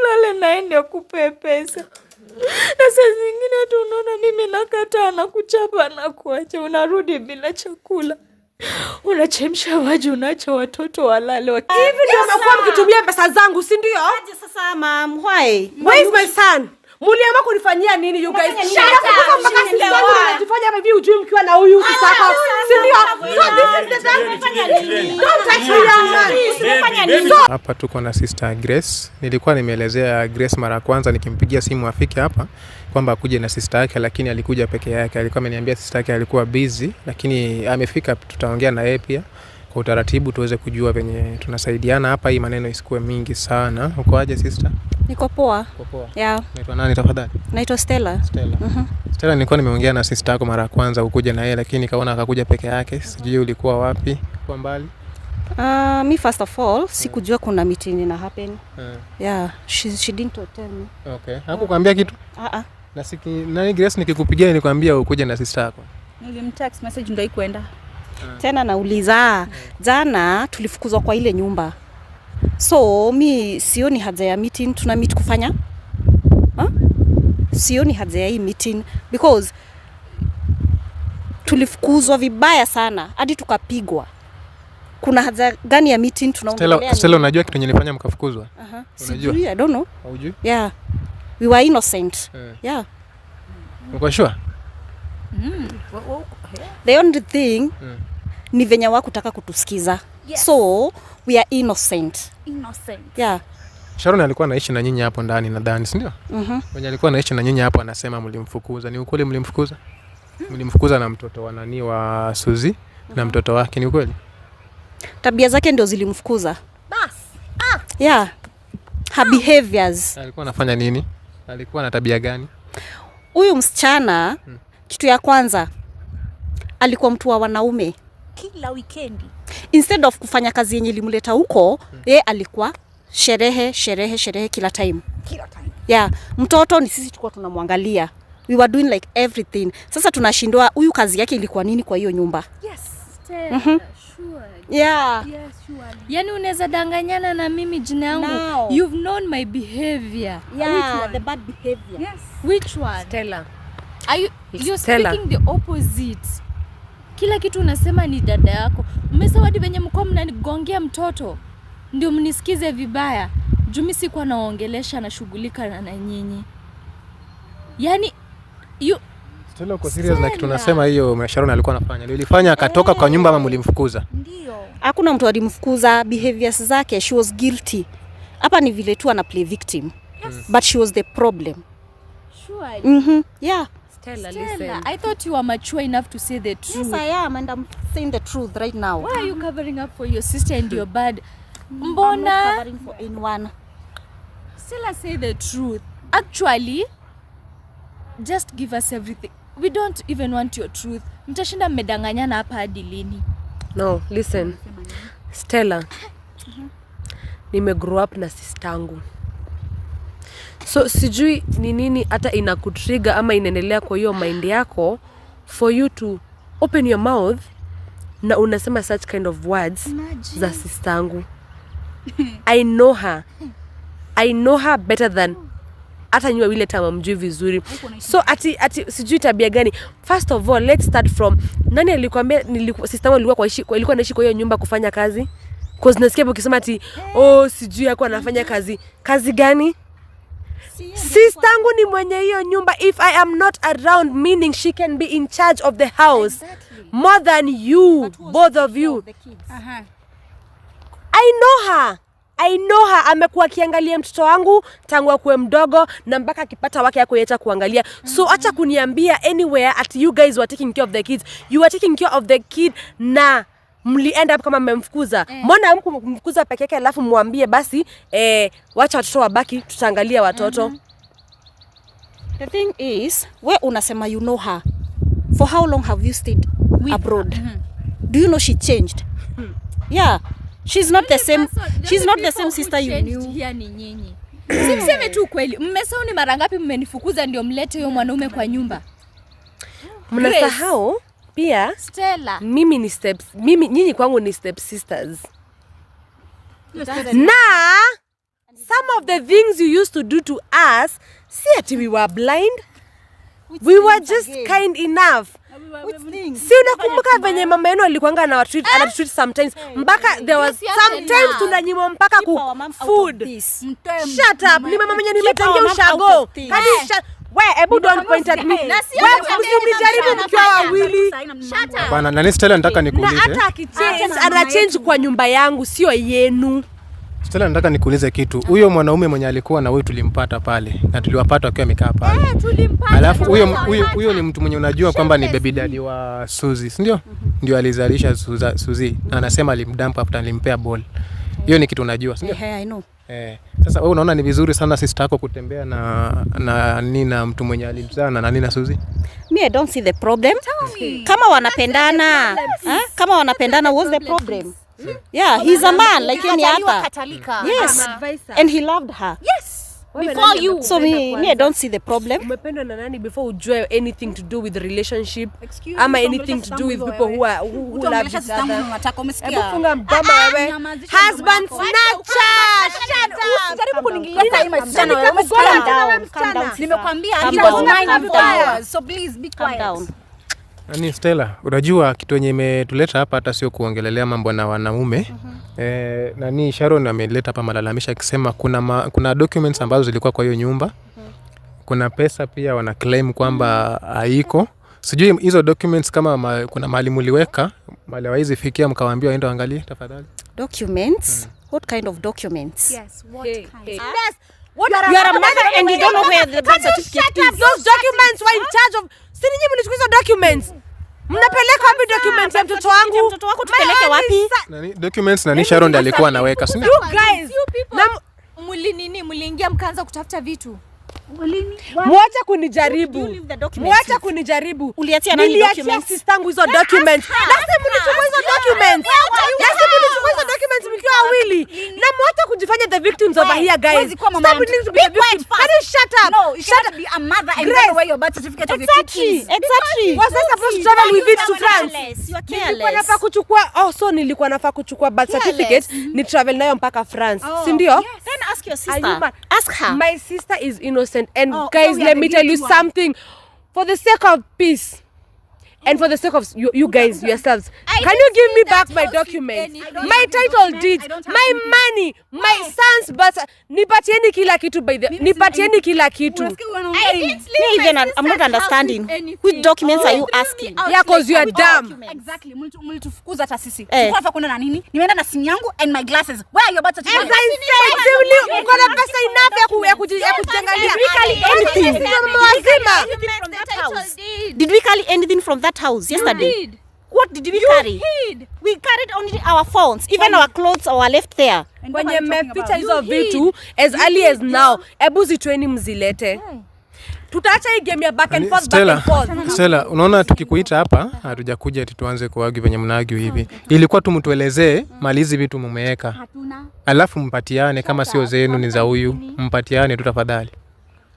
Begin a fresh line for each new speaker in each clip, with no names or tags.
ulale naende kupepesa pesa na saa zingine hata unaona mimi nakataa na kuchapa na kuacha, unarudi bila chakula, unachemsha maji, unaacha watoto walale. Eh,
Hivi ndio umekuwa mkitumia pesa zangu, si ndio? Aje
sasa, mam, why
where is my son? Muliamua kunifanyia nini you guys? Mnajifanya hivi ujui mkiwa na huyu kisaka. Si ndio?
Hapa tuko na sister Grace. Nilikuwa nimeelezea Grace mara ya kwanza nikimpigia simu afike hapa kwamba akuje na sister yake, lakini alikuja peke yake. Alikuwa ameniambia sister yake alikuwa busy, lakini amefika, tutaongea na yeye pia kwa utaratibu tuweze kujua venye tunasaidiana hapa, hii maneno isikuwe mingi sana. Uko aje sister? Niko poa. Yeah. Naitwa nani tafadhali?
Naitwa Stella.
Stella. Mm -hmm. Stella, nilikuwa nimeongea na sister yako mara ya kwanza ukuja na yeye, lakini kaona akakuja peke yake. Sijui ulikuwa wapi kwa mbali?
Uh, ah, mi first of all sikujua kuna meeting ina happen. Eh. Yeah, she, she didn't tell me.
Okay. Hakukwambia kitu? Ah uh ah. -uh. Na siki, nani Grace nikikupigia nilikwambia ukuje na sister yako.
Nilimtext message ndio ikwenda. Eh. Tena nauliza jana tulifukuzwa kwa ile nyumba, so mi sioni haja ya meeting, tuna meet kufanya ha? Sioni haja ya hii meeting because tulifukuzwa vibaya sana hadi tukapigwa. Kuna haja gani ya meeting? Tunaongelea
Stella, unajua kitu nilifanya mkafukuzwa?
Aha, sijui, I don't know. Haujui? Yeah, we were innocent. Eh. Yeah,
uko sure? Mm.
The only thing mm ni venye wakutaka kutusikiza yes. So we are innocent. Innocent. Yeah.
Sharon alikuwa anaishi na nyinyi hapo ndani nadhani, si ndio? Mhm. Mwenye alikuwa anaishi na nyinyi hapo anasema mlimfukuza. Ni ukweli mlimfukuza? Hmm? Mlimfukuza na mtoto wa nani wa Suzi mm -hmm. na mtoto wake ni ukweli?
Tabia zake ndio zilimfukuza. Bas. Ah. Yeah. Her ah. behaviors.
Alikuwa anafanya nini? Alikuwa na tabia gani?
Huyu msichana hmm. Kitu ya kwanza alikuwa mtu wa wanaume
kila wikendi
instead of kufanya kazi yenye ilimleta huko hmm. Ye alikuwa sherehe sherehe sherehe kila time, kila time. Yeah, mtoto ni sisi tulikuwa tunamwangalia, we were doing like everything. Sasa tunashindwa huyu kazi yake ilikuwa nini kwa hiyo nyumba?
Yes, mm -hmm. Sure. Yeah. Yes, sure.
Yani unaweza danganyana na mimi jina yangu. You've known my behavior.
Yeah, Which one? the bad behavior.
Yes. Which one? Stella. Are you, you're Stella. speaking the opposite kila kitu unasema ni dada yako. Mmesawadi venye mko mnanigongea mtoto ndio mnisikize vibaya. juu mimi sikuwa naongelesha nashughulika na, na nyinyi yani you...
Stella, kwa serious na kitu unasema hiyo? Sharon alikuwa anafanya ilifanya akatoka kwa nyumba ama mlimfukuza?
Ndio, hakuna mtu alimfukuza. Behaviors zake she was guilty. Hapa ni vile tu ana play victim. Yes. But she was the problem. Sure. Mhm. Mm yeah.
Stella, Stella, listen. I thought you were mature enough to say the truth.
Yes, I am and I'm saying the truth right now. Why
are you covering up for your sister and your bad? Mbona? I'm not
covering for anyone.
Stella, say the truth. Actually, just give us everything. We don't even want your truth. Mtashinda mmedanganyana hapa hadi
No, listen. Stella. Mm-hmm. Nime grow up na sistangu so sijui ni nini hata inakutriga ama inaendelea kwa hiyo mind yako for you to open your mouth na unasema such kind of words Imagine. za sistangu i know her i know her better than hata nyuwa wile tama mjui vizuri so ati, ati sijui tabia gani first of all let's start from nani alikwambia sistangu ilikuwa, kwa ishi, ilikuwa naishi kwa hiyo nyumba kufanya kazi nasikia ukisema ati oh, sijui ako anafanya mm-hmm. kazi kazi gani sistangu ni mwenye hiyo nyumba if i am not around meaning she can be in charge of the house exactly. more than you both of you uh -huh. i know her I know her amekuwa akiangalia mtoto wangu tangu akuwe mdogo na mpaka akipata wake akuacha kuangalia. So mhm. acha kuniambia anywhere at you guys were taking care of the kids. You were taking care of the kid na mlienda kama mmemfukuza eh. mbona mm. hamkumfukuza peke yake, alafu mwambie basi eh, wacha watoto wabaki, tutaangalia watoto mm -hmm. The thing is we unasema you know her for how long have you stayed With abroad mm -hmm. do you know she changed mm. yeah she's not the same she's not the same sister you knew here ni
nyinyi hmm. simseme tu kweli, mmesahau mara ngapi mmenifukuza ndio mlete huyo mwanaume kwa nyumba,
mnasahau pia Stella. Mimi ni steps, mimi nyinyi kwangu ni step sisters. Na some of the things you used to do to us, si ati we were blind. we were just kind enough. Si unakumbuka venye mama yenu alikuanga na treat eh? and treat sometimes mpaka there was sometimes tunanyimwa mpaka ku food. Shut up. Ni mama mwenye nimetengea ushago. Hadi anachange ah, kwa nyumba yangu, sio yenu.
Stella, nataka nikuulize kitu. Huyo mwanaume mwenye alikuwa na wewe tulimpata pale na tuliwapata wakiwa amekaa pale. Eh, Alafu huyo huyo ni mtu mwenye unajua kwamba ni baby daddy wa Suzy, si ndio? Ndio alizalisha Suzy na anasema alimdump after alimpea ball hiyo ni kitu unajua, si ndio? Yeah, I know. Eh, sasa wewe unaona ni vizuri sana sister yako kutembea na na nina mtu mwenye alimzaa na nina Suzi?
Me, I don't see the problem. Tell me. Hmm. Kama wanapendana, eh? kama wanapendana what's the problem? Hmm. Yeah, he's a man like any other. Yes. And he loved her. Yes before you so me, me I don't see the problem.
Umependwa na nani before ujue anything to do with relationship ama anything to do with people who are who, who love each other. Umesikia? Funga mdomo ah, wewe. Husband snatcher. Shut up. Jaribu kuniingilia hii msichana. Calm down. Nimekwambia he was mine before. So please be quiet. Calm down.
Ani Stella, unajua kitu yenye imetuleta hapa hata sio kuongelelea mambo na wanaume. Uh-huh. E, nani Sharon ameleta hapa malalamisha akisema kuna, ma, kuna documents ambazo zilikuwa kwa hiyo nyumba. Uh-huh. Kuna pesa pia wana claim kwamba haiko. Uh -huh. Sijui hizo documents kama ma, kuna mahali muliweka mahali hawezi fikia mkawaambia waende angalie tafadhali.
Documents? Hmm. What kind of documents?
Yes, what hey, kind? Hey. Yes.
What you are a mother and you don't know where the birth certificate is. Those documents were in charge of Si ninyi mlichukua hizo documents? Mnapeleka wapi documents ya mtoto wangu? Mtoto wako tupeleke wapi?
Nani documents nani Sharon alikuwa anaweka? You
guys. Na
mlinini mliingia mkaanza kutafuta vitu.
Mwacha kunijaribu. Mwacha kunijaribu. Uliachia nani documents? Sistangu hizo documents. Na mlichukua hizo documents. Na mlichukua hizo documents mkiwa wawili. Na mwacha kujifanya the victims over here guys. Stop being the victims. Can you shut
up? shut up. Be a mother and throw away your birth certificate of your kids.
Exactly. Was I supposed to travel with it to France? Nilikuwa nafaa kuchukua oh so nilikuwa nafaa kuchukua birth certificate ni travel nayo mpaka France. Oh, si ndio? ask your sister. Are you mad? Ask her. My
sister is innocent. And oh, guys, oh, yeah, let me tell you one. something. For the sake of peace, and for the sake of you, you guys yourselves, I can you give me back my documents, my title deeds, my money, my son's birth? Nipatieni kila kitu by the nipatieni kila kitu.
Me even I'm not understanding. Which documents are oh, you asking?
Yeah, cause you are dumb.
Exactly. Mlitufukuza hata sisi. Eh. Kwa kuna na nini? Nimeenda na simu yangu and my glasses. Where are your birth certificate?
Mko na pesa enough ya kujiangalia.
Did we carry anything from that house? Did we call anything from that that house yesterday. You hid. What did we you carry? Hid. We carried only our phones, even when our clothes our left there.
And when you met Peter is of hizo vitu as early as now. Ebu zitweni mzilete. Tutaacha hii game ya back and forth, Stella, back and
forth. Stella, unaona tukikuita hapa hatujakuja ati tuanze kuagi venye mnaagi hivi. Ilikuwa tumtuelezee mali hizi vitu mumeweka. Alafu mpatiane kama sio zenu ni za huyu, mpatiane tu tafadhali.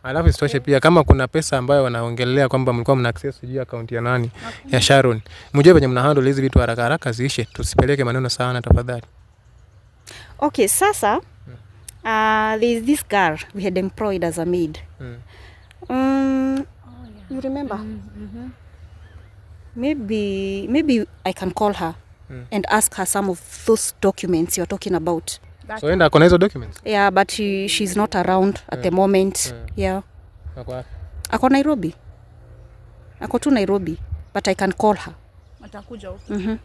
Alafu isitoshe pia kama kuna pesa ambayo wanaongelea kwamba mlikuwa mna access juu ya akaunti ya nani okay, ya Sharon, mjue venye mna handle hizi vitu haraka haraka ziishe, tusipeleke maneno sana tafadhali.
Okay, sasa hmm. uh, there is this girl we had employed as a maid. Hmm. Um, oh, yeah. you remember? Mm -hmm. Maybe maybe I can call her hmm. and ask her some of those documents you are talking about.
So enda kona hizo documents?
Yeah, but she, she's not around at yeah. the moment. Yeah. Yeah. Ako Nairobi. Ako tu Nairobi, but I can call her.
Atakuja huko. Mhm.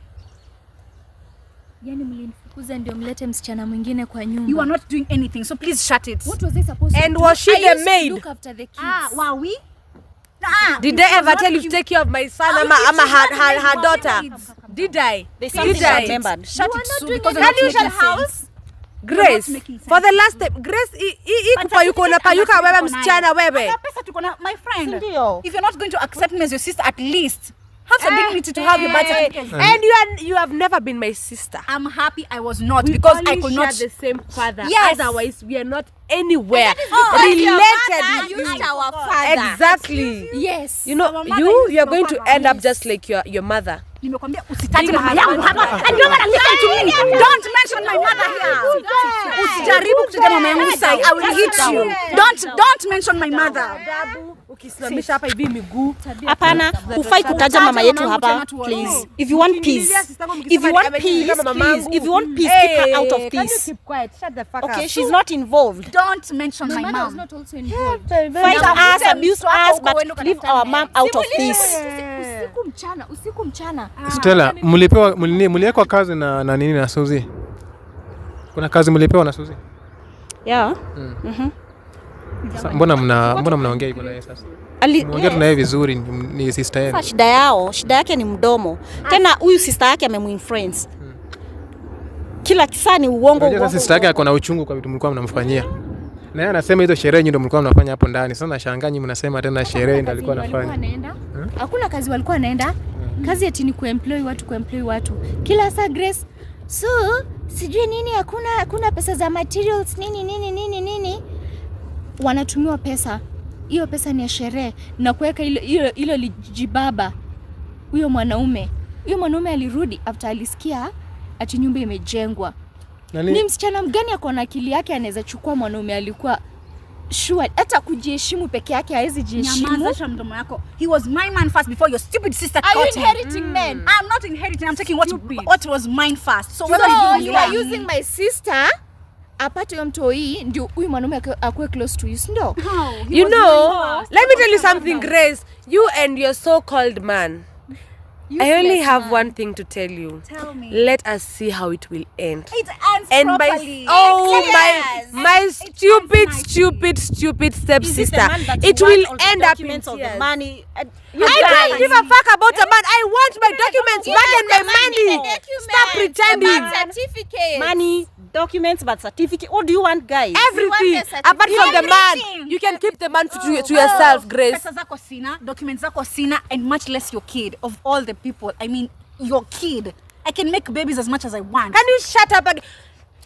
Yaani mlinifukuza ndio mlete msichana mwingine kwa nyumba.
You are not doing anything, so please shut it. What was I supposed to do? And was she the maid? Look after
the ah, kids. Ah, were we?
Ah, did they ever tell you to take care of my son ama, ama her, her, her daughter? Did I? They did I? Remembered. Shut it soon because I'm not house. Grace, for the last time, Grace, ikupa yuko unapayuka wewe msichana wewe.
Pesa tuko na my friend.
Ndio. If you're not going to accept me as your sister at least have some eh, dignity to have your eh, birth certificate. Eh, And you are, you have never been my sister.
I'm happy I was not we because I could not share
the same father. Yes. Otherwise we are not anywhere oh, related. Your mother, our father. Exactly. Yes. You know, you you are going to end up just like your your mother.
Nimekwambia usitaje mama yangu hapa. Ndio maana listen to me. Don't mention my mother here. Usijaribu kutaja mama yangu sai. I will hit you. Don't don't mention my mother ukisimamisha hapa hivi miguu. Hapana, hufai kutaja mama yetu hapa. Please, if you want peace, if you want peace, if you want peace, keep her out of this. Keep quiet. Shut the fuck up. Okay, she's not involved. Don't mention my mom. Is not also involved. Fight us, abuse us, but leave our mom out of this. Usiku mchana,
usiku mchana. Stella, ah, mlipewa mliwekwa kazi na na nini na Suzi? Kuna kazi mlipewa na Suzi?
Yeah. Mhm.
Mbona mna mbona mnaongea hivyo naye sasa? Aliongea tunaye vizuri, ni sister yake.
Shida yao, shida yake ni mdomo. Ah. Tena huyu sister yake amemuinfluence hmm. kila kisa ni uongo uongo.
Sister yake ako na uchungu kwa vitu mlikuwa mnamfanyia, na yeye anasema hizo sherehe ndio mlikuwa mnafanya hapo ndani. Sasa nashangaa nyinyi mnasema tena sherehe ndio alikuwa anafanya. Hmm?
Hakuna kazi walikuwa anaenda hmm. kazi eti ni kuemploy watu, kuemploy watu kila saa Grace, so sijui nini, hakuna hakuna pesa za materials nini nini nini nini wanatumiwa pesa, hiyo pesa ni ya sherehe na kuweka hilo lijibaba. Huyo mwanaume huyo mwanaume alirudi after alisikia ati nyumba imejengwa. Nani? Ni msichana mgani ako na akili yake anaweza chukua mwanaume alikuwa sure hata kujiheshimu peke yake hawezi jiheshimu. Nyamaza mdomo
yako. He was my man first before your stupid sister caught him.
Are you inheriting mm. men?
I'm not inheriting. I'm taking what, what was mine first. So, so whether you, you are
using my sister apate huyo mtoi ndio huyu mwanaume akuwe close to you sindo oh,
you know let me tell you something grace you and your so called man Useless I only have man. one thing to tell you. Tell me. Let us see how it will end.
It ends and properly.
By, oh yes. my, my it stupid, stupid, stupid stepsister. It, it will end up in
tears. Of the money.
You I guys. don't give a fuck about a man. I want my documents yeah, back and my money. money. Stop pretending.
Certificate. Money, documents, but certificate. What do you want, guys?
Everything. Want Apart from the man. You can keep the man to, oh. to yourself, oh. Grace.
documents zako cosina and much less your kid. Of all the people, I mean, your kid. I can make babies as much as I want.
Can you shut up again?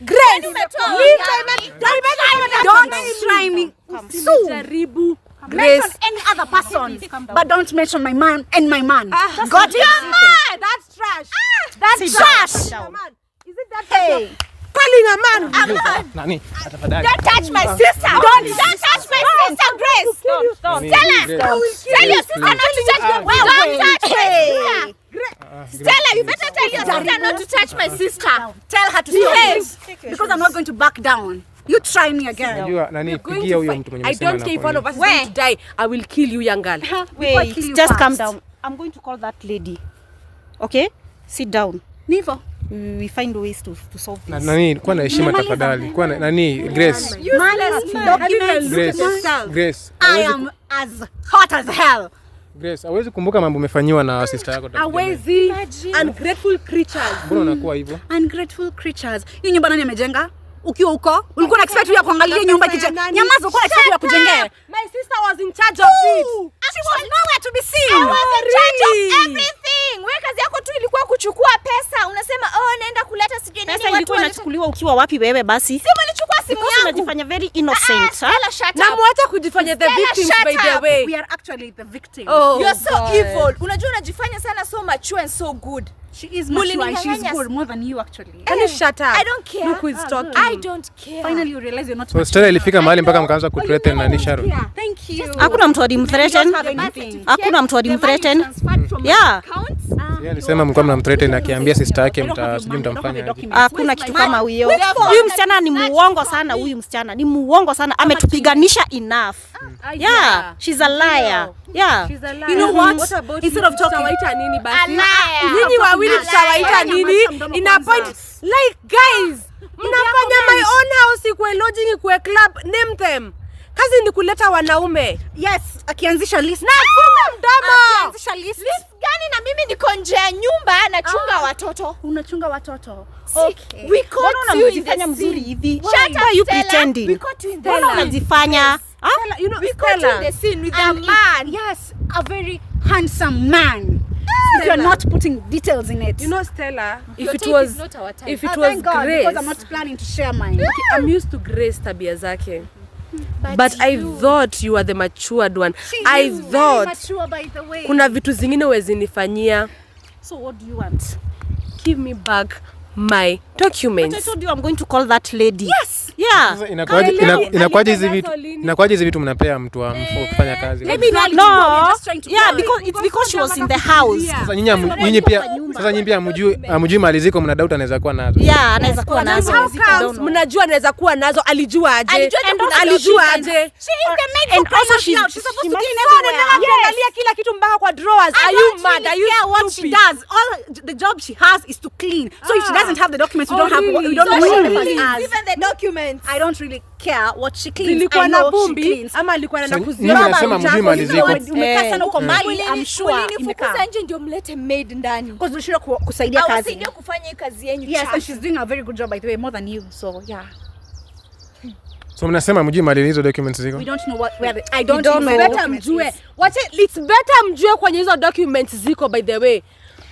Grace, leave my man. Don't try me. Don't try me. me.
Grace. Mention any other person, but don't mention my man and my man. Uh, God, you're
mad. That's trash. Ah, that's trash. Is it
that hey. Calling a man.
A man. Nani, don't
touch my sister. Don't, don't touch my sister, Grace. Stop, stop. Stella, tell your sister not to touch me. don't touch my sister. Ah, Stella, you better tell your sister not to touch my ah. sister. Tell her to stop. Because I'm not going to back down. You try me again.
you are nani pigia huyo mtu mwenye
msema I don't care if all of us going to die. I will kill you young girl.
Wait, you just calm down. I'm going to call that lady. Okay? Sit down. Nivo. We find ways to, to solve this.
nani kwa na heshima tafadhali. kwa na nani Grace.
Grace. Grace. I am as hot as hell.
Grace, hawezi kumbuka mambo umefanyiwa na sister yako.
Hawezi. Ungrateful creatures.
Mbona unakuwa hivyo?
Ungrateful creatures. Hii nyumba nani amejenga? ukiwa huko ulikuwa na expect ya kuangalia nyumba kicha. Nyamaza, kwa expect ya kujengea.
My sister was in charge of it. She was nowhere to be seen. I
was in charge of everything. Wewe kazi yako tu ilikuwa kuchukua pesa. Unasema oh, naenda kuleta sijui nini. Pesa
ilikuwa inachukuliwa ukiwa wapi wewe basi? Sio
nilichukua simu yangu.
Unajifanya very ah, ah, innocent. Na
mwacha kujifanya the victim by the way.
We are actually the victim.
Oh, you are so evil. Unajua unajifanya sana so mature and so good.
She is much wise. She's good more than you actually. Can eh,
yaani, you shut up? I don't care. Look who's ah, talking. Ah.
I don't care.
Finally you realize you're not. So story ilifika mahali mpaka mkaanza ku threaten na Nisha.
Thank you. Hakuna mtu alimthreaten. Hakuna mtu alimthreaten. Yeah. Account.
Yeye alisema mlikuwa mnamthreaten akiambia sister yake mtasijui mtamfanya
Hakuna kitu kama huyo. Huyu msichana ni muongo sana, huyu msichana ni muongo sana, ametupiganisha enough. Ah, mm. Yeah, she's a liar. Yeah.
You know what? Instead of talking waita nini basi? Nyinyi wawili mtawaita nini? Ina point like guys, mnafanya my own house ikue lodging ikue club, name them. Kazi ni kuleta wanaume. Yes, akianzisha list. Na funga mdomo. Akianzisha list.
List gani na mimi niko nje ya nyumba nachunga ah, watoto. Unachunga watoto.
Okay. We caught you Mbona unajifanya mzuri hivi. Shut up, you pretending. We caught you in the scene. Unajifanya. Yes. Ah. You know, we caught you in the scene with a man.
Yes, a very handsome man. If you're not putting details in it. You
know, Stella, if it was, if ah, it oh, was God, Grace, because I'm
not planning to share mine.
I'm used to Grace tabia zake. But, but I thought you are the matured one. She I thought mature, by the way. Kuna vitu zingine wezinifanyia.
So what do you want?
Give me back my documents. But I
told you I'm going to call that lady. Yes. Yeah.
hizi vitu? mnapea mtu wa eh, kufanya kazi?
not. No. Yeah, because it's because she was in the house. Sasa
nyinyi pia hamjui mali ziko mna doubt anaweza kuwa nazo.
Yeah, anaweza kuwa nazo. Mnajua anaweza kuwa nazo, alijua aje? Alijua aje?
Angalia kila kitu mpaka kwa drawers. Are you mad? Are you what
All the job she has is to clean. So if ah. she doesn't have the documents. We oh, don't have. Really? We don't so know what she really
Even the documents.
I don't really care what she cleans. Nilikuwa na she cleans. I'm na kuziona.
Mimi nasema mjui mali ziko.
Umekaa eh. sana huko eh. mali. I'm sure
imekaa. nje ndio mlete maid ndani. Because unashindwa kusaidia kazi. Ausaidia kufanya Yes,
and she's doing a very good job by the way, more than you. So, yeah.
So mnasema mjui mali hizo documents ziko? We
don't know what where the, I don't, don't know.
Better mjue. Wacha it's better mjue kwenye hizo documents ziko by the way.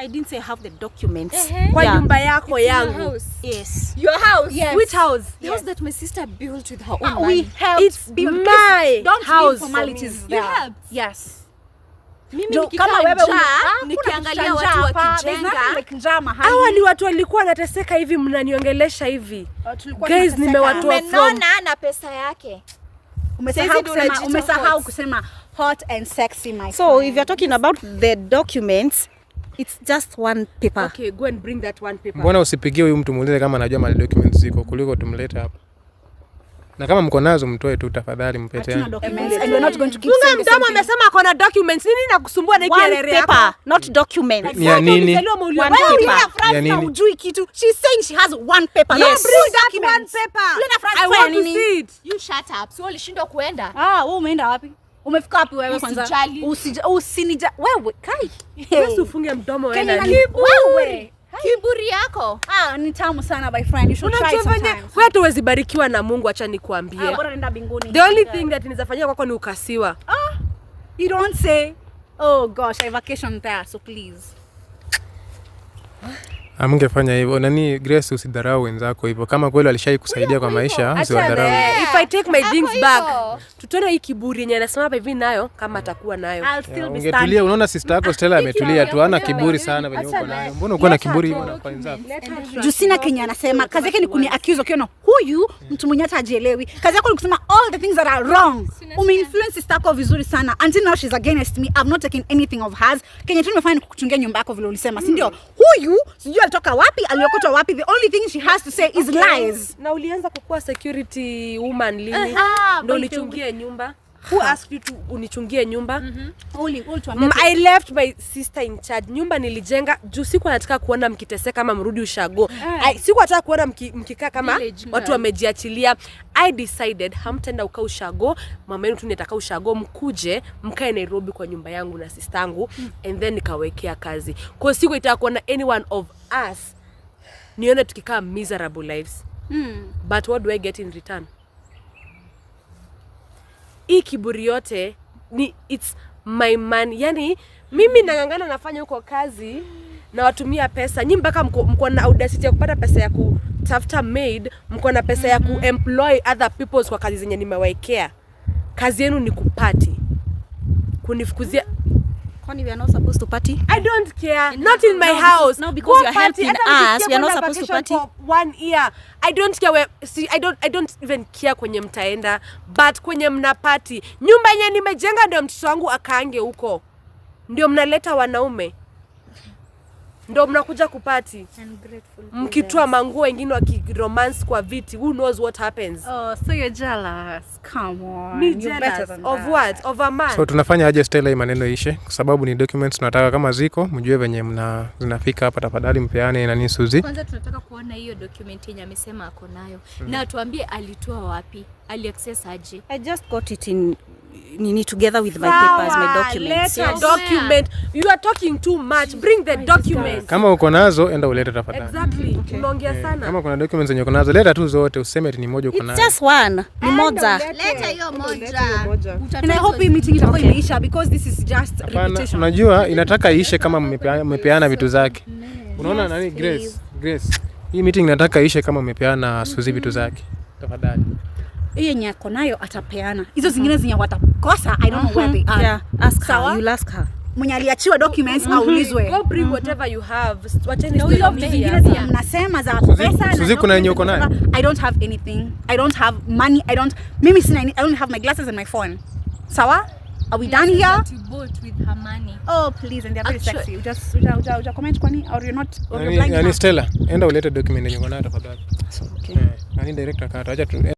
I didn't say have the documents. Uh
-huh. Kwa nyumba yako yangu. Your house.
Yes. Your house. Yes. Which house? The yes. house that my sister built with her own money. Ah, we
helped. It's my Don't house.
Formalities there. You helped. Yes.
Mimi no, kama wewe nikiangalia watu wakijenga. Hawa ni watu walikuwa wanateseka hivi mnaniongelesha hivi. Oh, Guys, nimewatoa from. Umeona
na pesa yake.
Umesahau kusema, umesahau kusema hot and sexy my. So
if you're talking about the documents It's just one paper. Okay,
go and bring that one paper. Mbona
usipigie huyu mtu muulize kama anajua mali documents ziko kuliko tumlete hapa. Na kama mko nazo mtoe tu tafadhali mpete
and we're not going to yani. Funga mdomo
amesema ako na documents. Nini nakusumbua na hiki elele yako?
Not documents.
Ya nini? Ya
nini? Hujui kitu. She's saying she has one paper.
Yes. No, bring that one paper. I want to see it.
You shut up. Sio ulishindwa kuenda?
Ah, wewe umeenda wapi? Umefika wapi wewe kwanza?
Usinija wewe kai.
Wewe ufunge mdomo
wewe. Wewe.
Kiburi yako.
Ah, ni tamu sana by friend. You should Una try sometime. Wewe
hatuwezi barikiwa na Mungu, acha nikuambie. Ah, bora nenda mbinguni. The only thing that nizafanyia kwako ni ukasiwa. Ah.
You don't say. Oh gosh, I vacation there, so please.
Amngefanya hivyo nani, Grace, usidharau wenzako hivyo. Kama kweli alishai kusaidia kwa maisha, usiwadharau.
If I take my things back, tutone hii kiburi yenye anasema hapa hivi nayo, kama atakuwa nayo
ungetulia. Unaona sister yako Stella ametulia tu, ana kiburi sana venye uko nayo. Mbona uko na kiburi hivyo na kwa wenzako?
jusina sina Kenya, anasema kazi yake ni kuniaccuse ukiona huyu mtu mwenye hata ajielewi Kazi yako ni kusema all the things that are wrong. Umeinfluence sister yako vizuri sana. Until now she's against me. I've not taken anything of hers. Kenya, tu nimefanya kukuchungia nyumba yako vile ulisema, si ndio? Mm huyu sijui alitoka wapi, aliokotwa wapi. The only thing she has to say is lies.
Na ulianza kukuwa security woman lini? Ndio ulichungia nyumba who ha. asked you to unichungie nyumba mm -hmm. I left my sister in charge. Nyumba nilijenga juu siku anataka kuona mkiteseka ama mrudi ushago yeah. Siku anataka kuona mkikaa kama Village, watu wamejiachilia. I decided hamtenda ukaa ushago, mama yenu tu nitaka ushago, mkuje mkae Nairobi kwa nyumba yangu na sister yangu mm. And then nikawekea kazi kwa siku itaka kuona any one of us nione tukikaa miserable lives mm. But what do I get in return? hii kiburi yote ni it's my man Yani mimi nang'ang'ana nafanya huko kazi nawatumia pesa nyi, mpaka mko na audacity ya kupata pesa ya kutafuta maid, mko na pesa ya mm-hmm. kuemploy other peoples kwa kazi zenye nimewaekea. Kazi yenu ni kupati kunifukuzia
Kwani we are not supposed to party?
I don't care. In not in my no, house. No,
because you are helping us. We are not supposed to party. For
one year. I don't care where, see, I don't, I don't even care kwenye mtaenda but kwenye mna party. Nyumba yenye nimejenga ndio mtoto wangu akaange huko. Ndio mnaleta wanaume ndo mnakuja kupati mkitoa manguo wengine wa kiromance kwa viti. Who knows what happens?
Oh, so you're jealous. Come on. Ni
jealous of what? Of a man. So
tunafanya aje stela hii maneno ishe, kwa sababu ni documents tunataka kama ziko mjue venye mna zinafika hapa, tafadhali mpeane na nini Suzi.
Kwanza tunataka kuona hiyo document yenye amesema ako nayo, mm. na tuambie alitoa wapi aliaccess aje?
I just got it in nini together with my papers, my documents. Let
yes. document. You are talking too much. Bring the documents. Kama
uko nazo enda ulete tafadhali.
Exactly. Unaongea okay. Eh, sana. Kama
kuna documents zenye uko nazo leta tu zote useme ni moja uko nazo. It's
just one. Ni moja.
Leta hiyo moja.
And I hope hii meeting itakuwa imeisha because this is just repetition.
Unajua inataka iishe kama mmepeana vitu zake. Unaona nani Grace? Grace. Hii meeting inataka ishe kama mmepeana Suzi vitu zake. Tafadhali
hiyo yenye ako nayo atapeana hizo zingine zenye watakosa i don't know where they are yeah.
ask her, you'll ask her
mwenye aliachiwa documents mm -hmm. aulizwe go
bring mm-hmm. whatever you have
wacheni hizo vitu zingine zenye mnasema za
pesa Suzi kuna yenye uko nayo
i don't have anything i don't have money i don't mimi sina i don't have my glasses and my phone sawa Are we done here? That you
with her money.
Oh, please, and they are very Actually, sexy. Just, uja, uja, uja comment kwani or you're not
or you're blind. Yani Stella, enda ulete document yenye uko nayo tafadhali. Okay. Yeah. Nani director kata, acha tu